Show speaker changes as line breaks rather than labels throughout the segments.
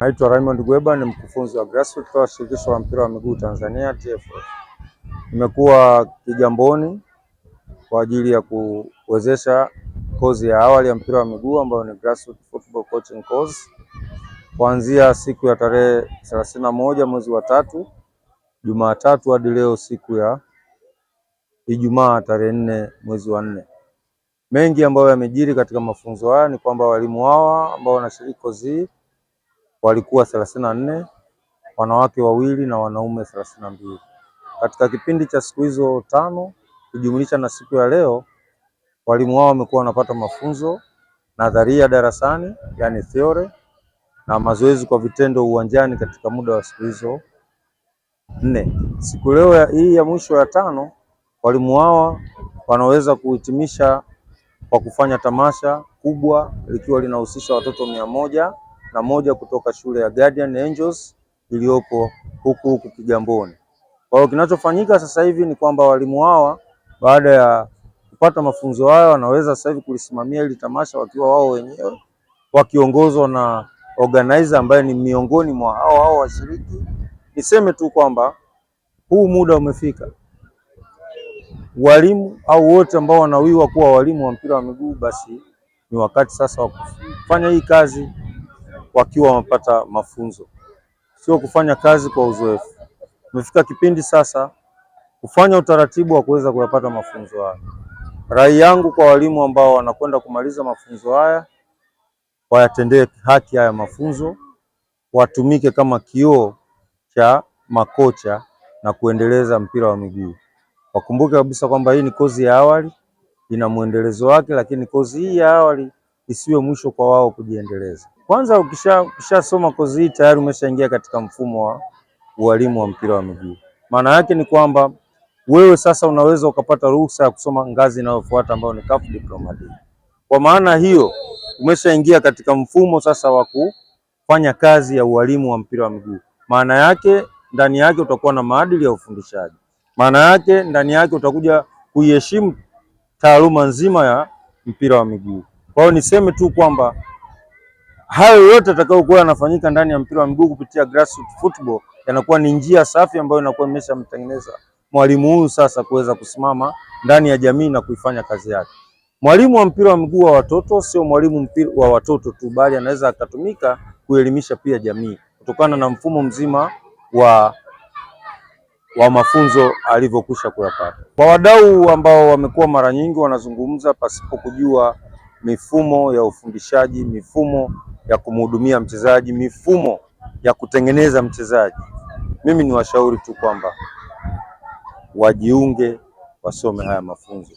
Naitwa Raymond Gweba, ni mkufunzi wa grassroots wa shirikisho la mpira wa miguu Tanzania TFF. Nimekuwa Kigamboni kwa ajili ya kuwezesha kozi ya awali ya mpira wa miguu ambayo ni grassroots football coaching course kuanzia siku ya tarehe thelathini na moja mwezi wa tatu Jumatatu hadi leo siku ya Ijumaa tarehe nne mwezi wa nne. Mengi ambayo yamejiri katika mafunzo haya ni kwamba walimu hawa ambao wanashiriki kozi walikuwa thelathini na nne wanawake wawili na wanaume thelathini na mbili Katika kipindi cha siku hizo tano kujumlisha na siku ya leo, walimu wao wamekuwa wanapata mafunzo nadharia darasani, yani theory, na mazoezi kwa vitendo uwanjani katika muda wa siku hizo nne. Siku leo ya, hii ya mwisho ya tano walimu hawa wanaweza kuhitimisha kwa kufanya tamasha kubwa likiwa linahusisha watoto mia moja na moja kutoka shule ya Guardian Angels iliyopo huku huku Kigamboni. Kwa hiyo kinachofanyika sasa hivi ni kwamba walimu hawa baada ya kupata mafunzo hayo wanaweza sasa hivi kulisimamia hili tamasha wakiwa wao wenyewe wakiongozwa na organizer ambaye ni miongoni mwa hao hao washiriki. Niseme tu kwamba huu muda umefika, walimu au wote ambao wanawiwa kuwa walimu wa mpira wa miguu, basi ni wakati sasa wa kufanya hii kazi wakiwa wamepata mafunzo, sio kufanya kazi kwa uzoefu. Umefika kipindi sasa kufanya utaratibu wa kuweza kuyapata mafunzo haya. Rai yangu kwa walimu ambao wanakwenda kumaliza mafunzo haya, wayatendee haki haya mafunzo, watumike kama kioo cha makocha na kuendeleza mpira wa miguu. Wakumbuke kabisa kwamba hii ni kozi ya awali, ina mwendelezo wake, lakini kozi hii ya awali isiwe mwisho kwa wao kujiendeleza. Kwanza ukishasoma ukisha kozi hii tayari umeshaingia katika mfumo wa ualimu wa mpira wa miguu. Maana yake ni kwamba wewe sasa unaweza ukapata ruhusa ya kusoma ngazi inayofuata ambayo ni CAF Diploma Kwa maana hiyo umeshaingia katika mfumo sasa wa kufanya kazi ya ualimu wa mpira wa miguu. Maana yake ndani yake utakuwa na maadili ya ufundishaji. Maana yake ndani yake utakuja kuiheshimu taaluma nzima ya mpira wa miguu. Kwa hiyo niseme tu kwamba hayo yote atakayokuwa yanafanyika ndani ya mpira wa miguu kupitia grassroots football yanakuwa ni njia safi ambayo inakuwa imeshamtengeneza mwalimu huyu sasa kuweza kusimama ndani ya jamii na kuifanya kazi yake. Mwalimu wa mpira wa miguu wa watoto sio mwalimu mpira wa watoto tu, bali anaweza akatumika kuelimisha pia jamii kutokana na mfumo mzima wa wa mafunzo alivyokwisha kuyapata. Kwa wadau ambao wamekuwa mara nyingi wanazungumza pasipo kujua mifumo ya ufundishaji, mifumo ya kumhudumia mchezaji, mifumo ya kutengeneza mchezaji. Mimi ni washauri tu kwamba wajiunge, wasome haya mafunzo.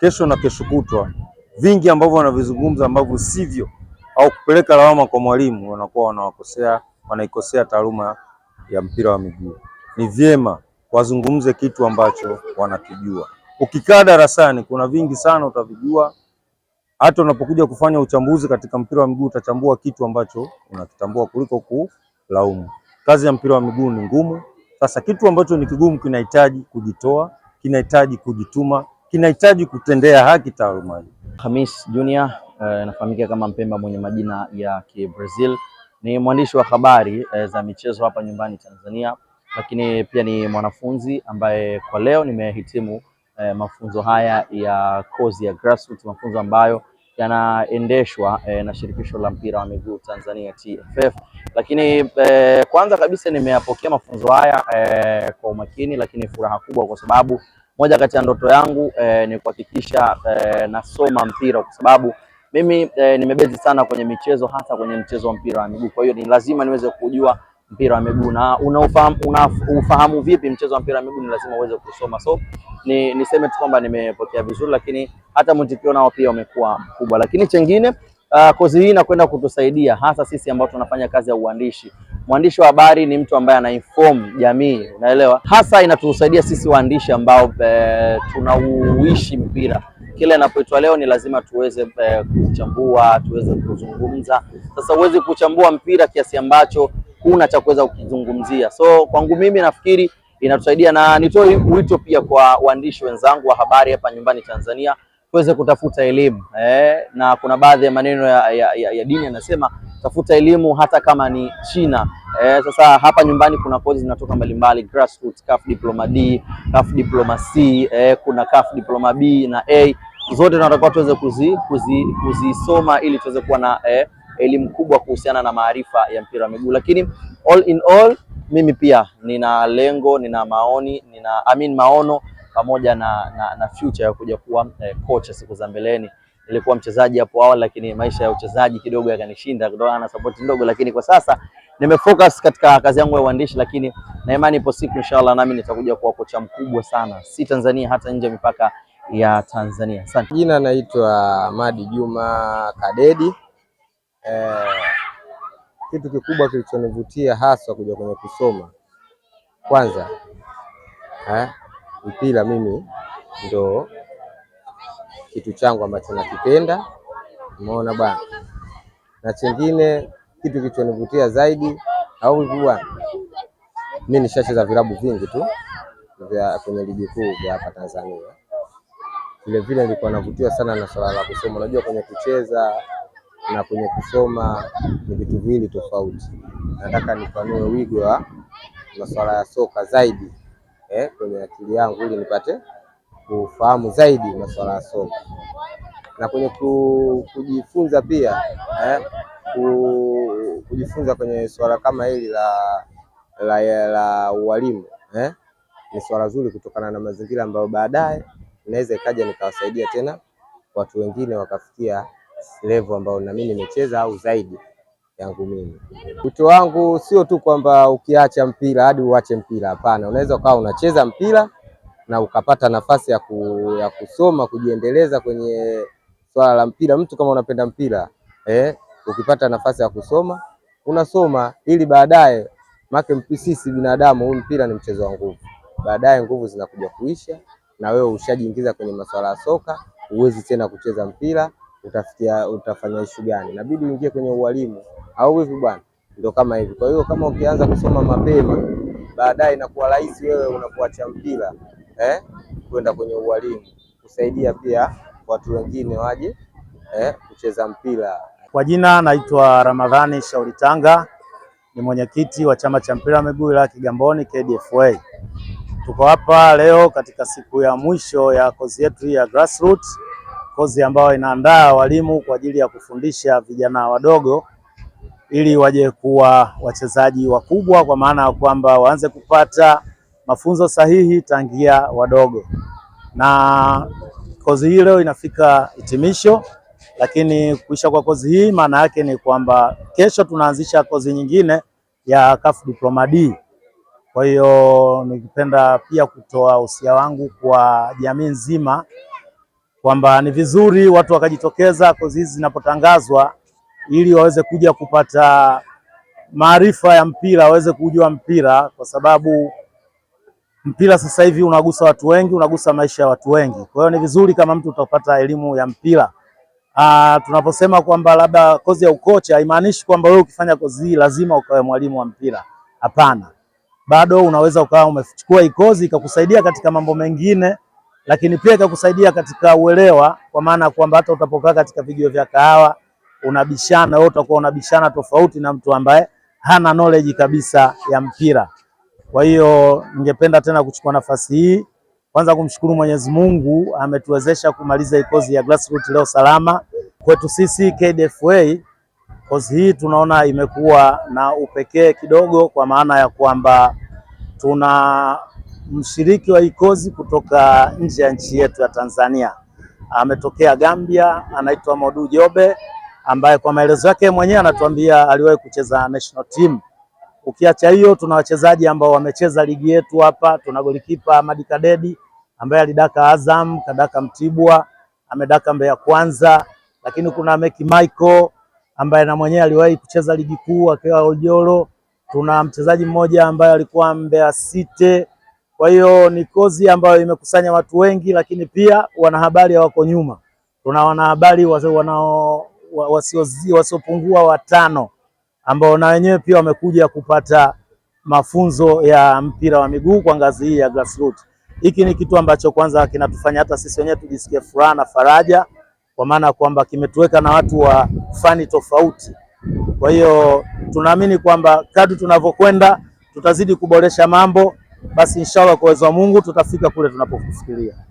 Kesho na kesho kutwa, vingi ambavyo wanavizungumza ambavyo sivyo, au kupeleka lawama kwa mwalimu, wanakuwa wanawakosea, wanaikosea taaluma ya mpira wa miguu. Ni vyema wazungumze kitu ambacho wanakijua. Ukikaa darasani, kuna vingi sana utavijua hata unapokuja kufanya uchambuzi katika mpira wa miguu utachambua kitu ambacho unakitambua kuliko kulaumu. Kazi ya mpira wa miguu ni ngumu. Sasa kitu ambacho ni kigumu kinahitaji kujitoa, kinahitaji kujituma, kinahitaji kutendea haki taaluma.
Hamis Junior eh, anafahamika uh, kama Mpemba mwenye majina ya Kibrazil, ni mwandishi wa habari uh, za michezo hapa nyumbani Tanzania, lakini pia ni mwanafunzi ambaye kwa leo nimehitimu eh, mafunzo haya ya kozi ya grassroots, mafunzo ambayo yanaendeshwa eh, na shirikisho la mpira wa miguu Tanzania TFF. Lakini eh, kwanza kabisa nimeyapokea mafunzo haya eh, kwa umakini, lakini furaha kubwa kwa sababu moja kati ya ndoto yangu eh, ni kuhakikisha eh, nasoma mpira kwa sababu mimi eh, nimebezi sana kwenye michezo hasa kwenye mchezo wa mpira wa miguu. Kwa hiyo ni lazima niweze kujua mpira wa miguu na unaufahamu una vipi mchezo wa mpira wa miguu, ni lazima uweze kusoma. So ni niseme tu kwamba nimepokea vizuri, lakini hata mwitikio nao pia umekuwa mkubwa. Lakini chengine uh, kozi hii inakwenda kutusaidia hasa sisi ambao tunafanya kazi ya uandishi. Mwandishi wa habari ni mtu ambaye anainform jamii, unaelewa, hasa inatusaidia sisi waandishi ambao eh, tunauishi mpira kile inapoitwa leo ni lazima tuweze eh, kuchambua, tuweze kuzungumza. Sasa huwezi kuchambua mpira kiasi ambacho kuna cha kuweza kukizungumzia. So kwangu mimi nafikiri inatusaidia, na nitoe wito pia kwa waandishi wenzangu wa habari hapa nyumbani Tanzania tuweze kutafuta elimu eh, na kuna baadhi ya maneno ya, ya, ya, ya dini yanasema tafuta elimu hata kama ni China. Eh, sasa hapa nyumbani kuna kozi zinatoka mbalimbali grassroots, CAF Diploma D, CAF Diploma C, eh, kuna CAF Diploma B na A, zote tunatakiwa tuweze kuzisoma kuzi, kuzi ili tuweze kuwa na eh, elimu kubwa kuhusiana na maarifa ya mpira wa miguu. Lakini all in all, mimi pia nina lengo, nina maoni, nina amin maono pamoja na, na, na future ya kuja kuwa eh, kocha siku za mbeleni. Nilikuwa mchezaji hapo awali, lakini maisha ya uchezaji kidogo yakanishinda kutokana na support ndogo, lakini kwa sasa nimefocus katika kazi yangu ya uandishi, lakini na imani ipo siku inshallah nami nitakuja kuwa kocha mkubwa sana, si Tanzania, hata nje ya mipaka ya Tanzania. Asante.
Jina naitwa Madi Juma Kadedi eh, kitu kikubwa kilichonivutia haswa kuja kwenye kusoma kwanza eh, mpira mimi ndo kitu changu ambacho nakipenda, umeona bwana. Na chingine kitu kilichonivutia zaidi au hivi bwana, mimi nishacheza vilabu vingi tu vya kwenye ligi kuu vya hapa Tanzania. Vilevile nilikuwa navutiwa sana na swala la kusoma. Unajua kwenye kucheza na kwenye kusoma ni vitu viwili tofauti. Nataka nipanue wigo wa masuala ya soka zaidi eh, kwenye akili yangu ili nipate kufahamu zaidi masuala ya soka na kwenye kujifunza pia eh, kujifunza kwenye swala kama hili la la, la ualimu eh, ni swala zuri kutokana na mazingira ambayo baadaye inaweza ikaja nikawasaidia tena watu wengine wakafikia level ambayo nami nimecheza au zaidi yangu mimi. Wito wangu sio tu kwamba ukiacha mpira hadi uache mpira, hapana. Unaweza ukawa unacheza mpira na ukapata nafasi ya, ku, ya kusoma kujiendeleza kwenye swala la mpira. Mtu kama unapenda mpira eh, ukipata nafasi ya kusoma unasoma ili baadaye make, sisi binadamu, huu mpira ni mchezo wa nguvu. Baadaye nguvu zinakuja kuisha, na wewe ushajiingiza kwenye masuala ya soka, huwezi tena kucheza mpira utafikia utafanya ishu gani, inabidi uingie kwenye ualimu au hivi bwana, ndio kama hivi. Kwa hiyo kama ukianza kusoma mapema, baadaye inakuwa rahisi wewe unapoacha mpira eh, kwenda kwenye ualimu kusaidia pia watu wengine waje eh, kucheza mpira. Kwa jina naitwa Ramadhani Shauri Tanga, ni mwenyekiti wa chama cha mpira wa miguu wilaya Kigamboni KDFA. Tuko hapa leo katika siku ya mwisho ya kozi yetu ya grassroots kozi ambayo inaandaa walimu kwa ajili ya kufundisha vijana wadogo ili waje kuwa wachezaji wakubwa, kwa maana ya kwamba waanze kupata mafunzo sahihi tangia wadogo. Na kozi hii leo inafika hitimisho, lakini kuisha kwa kozi hii maana yake ni kwamba kesho tunaanzisha kozi nyingine ya CAF Diploma D. Kwa hiyo nikipenda pia kutoa usia wangu kwa jamii nzima kwamba ni vizuri watu wakajitokeza kozi hizi zinapotangazwa, ili waweze kuja kupata maarifa ya mpira, waweze kujua mpira, kwa sababu mpira sasa hivi unagusa watu wengi, unagusa maisha ya watu wengi. Kwa hiyo ni vizuri kama mtu utapata elimu ya mpira. Aa, ah, tunaposema kwamba labda kozi ya ukocha haimaanishi kwamba wewe ukifanya kozi hii lazima ukawe mwalimu wa mpira. Hapana, bado unaweza ukawa umechukua hii kozi ikakusaidia katika mambo mengine lakini pia ikakusaidia katika uelewa, kwa maana kwamba hata utapokaa katika vijio vya kahawa unabishana wewe, utakuwa unabishana tofauti na mtu ambaye hana knowledge kabisa ya mpira. Kwa hiyo ningependa tena kuchukua nafasi hii kwanza kumshukuru Mwenyezi Mungu ametuwezesha kumaliza hii kozi ya grassroots leo salama. Kwetu sisi KDFA, kozi hii tunaona imekuwa na upekee kidogo, kwa maana ya kwamba tuna mshiriki wa ikozi kutoka nje ya nchi yetu ya Tanzania ametokea Gambia, anaitwa Modu Jobe ambaye kwa maelezo yake mwenyewe anatuambia aliwahi kucheza national team. Ukiacha hiyo, tuna wachezaji ambao wamecheza ligi yetu hapa. Tuna golikipa Amadi Kadedi ambaye alidaka Azam, kadaka Mtibwa, amedaka Mbeya Kwanza, lakini kuna Meki Michael ambaye na mwenyewe aliwahi kucheza ligi kuu akiwa Ojoro. Tuna mchezaji mmoja ambaye alikuwa Mbeya City kwa hiyo ni kozi ambayo imekusanya watu wengi, lakini pia wanahabari wako nyuma. Tuna wanahabari wanao wasiopungua watano ambao na wenyewe pia wamekuja kupata mafunzo ya mpira wa miguu kwa ngazi hii ya grassroots. Hiki ni kitu ambacho kwanza kinatufanya hata sisi wenyewe tujisikie furaha na faraja, kwa maana kwamba kimetuweka na watu wa fani tofauti. Kwa hiyo tunaamini kwamba kadri tunavyokwenda tutazidi kuboresha mambo basi inshallah kwa uwezo wa Mungu tutafika kule tunapofikiria.